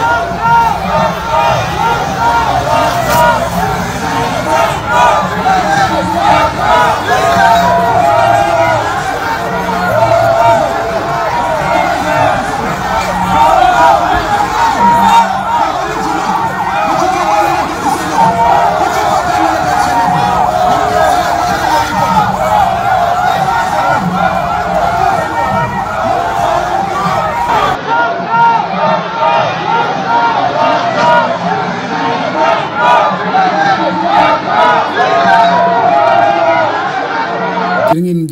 go, go!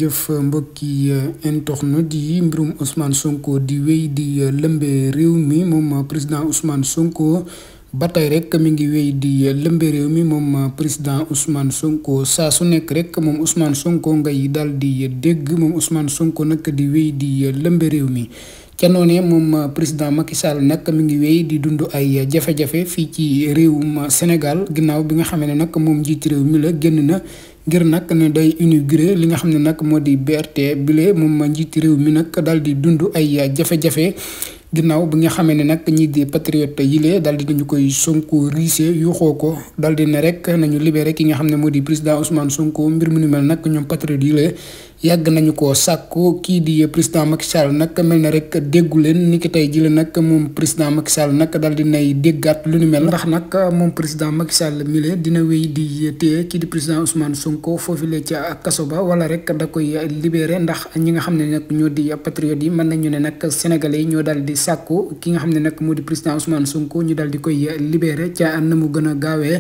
jëf mbokki euh, internet yi mbirum Ousmane Sonko di wéy di euh, lëmbe réew mi moom euh, président Ousmane Sonko ba tey rek mi ngi wéy di lëmbe réew mi moom président Ousmane Sonko saa su nekk rek moom Ousmane Sonko ngay daal di dégg moom Ousmane Sonko nag di wéy di lëmbe réew mi. ca noonee moom président Macky Sall nag mi ngi wéy di dund ay jafe-jafe fii ci réewum Sénégal ginnaaw bi nga xam ne nag moom njiitu réew mi la génn na ngir nag ne day inauguré li nga xam ne nag moo di BRT bile moom ma njiiti réew mi nag daal di dund ay jafe-jafe. ginnaaw bi nga xamee ne nag ñi di patriote yile dal di nañu koy sonko riise yuuxoo ko dal di ne rek nañu libéré ki nga xam ne moo di président Ousmane Sonko mbir mu ni mel nag ñoom patriote yile yàgg nañu ko sàkku kii di président Macky Sall nag mel na rek déggu leen ni ki tey jile nag moom président Macky Sall nag dal di nay déggaat lu ni mel ndax nag moom président Macky Sall mile dina wéy di téye kii di président Ousmane Sonko foofu le ca kaso wala rek da koy libéré ndax ñi nga xam ne nag ñoo di patriote yi mën nañu ne nag sénégalais yi ñoo dal sàkku ki nga xam ne nag moo di président Ousmane Sonko ñu dal di koy libéré ca na mu gën a gaawee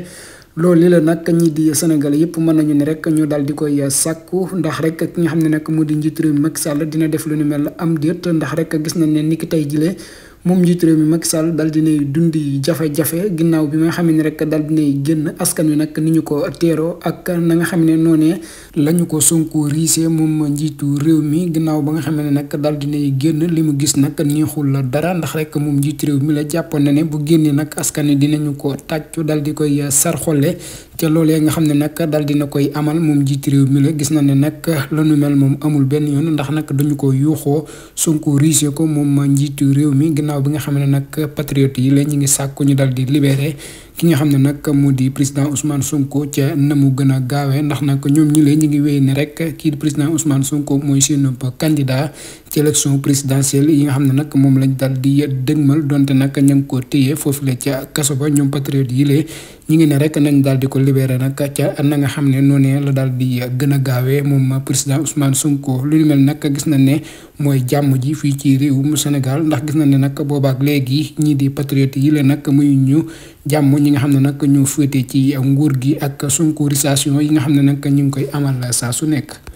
loolu la nag ñi di Sénégal yëpp mën nañu ne rek ñu dal di koy sàkku ndax rek ki nga xam ne nag moo di njiitu réew Macky Sall dina def lu ni mel am déet ndax rek gis nañ ne niki tey jilee moom njiitu réew mi Macky Sall dal dinay dundi jafe ginnaaw bi nga xam ne rek dal dinay askan wi nag ni ko teeroo ak na nga xam ne noonee la ñu ko Sonko riisee moom njiitu réew mi ginnaaw ba nga xam ne nag dal dinay génn li mu gis nag neexul la dara ndax rek moom njiitu réew mi la jàppoon na ne bu génnee nag askan wi dinañu ko tàccu dal di koy sarxole ca loolee nga xam ne nag dal dina koy amal moom njiitu réew mi la gis na ne nag la nu mel moom amul benn yoon ndax nag dañu ko yuuxoo Sonko riisee ko moom njiitu réew mi ginnaaw bi nga xam ne nag patriote yi la ñu ngi sàkku ñu dal di libéré ki nga xam ne nag moo di président Ousmane Sonko ca na mu gën a gaawee ndax nag ñoom ñu lee ñu ngi wéy ne rek kii président Ousmane Sonko mooy seen kandidaa ci élection présidentielle yi nga xam ne nag moom lañ daal di dëgmal donte nag ña ngi ko téye foofu la ca kaso ba ñoom patriote yi lee ñi ngi ne rek nañ daal di ko libéré nag ca na nga xam ne noonee la daal di gën a gaawee moom président Ousmane Sonko lu ñu mel nag gis ne mooy jàmm ji fii ci réewum Sénégal ndax gis ne nag léegi ñii di patriote yi la nag muy ñu jàmm ñi nga xam ne nag ñoo féete ci nguur gi ak sonkorisation yi nga xam ne nag ñu ngi koy amal saa su nekk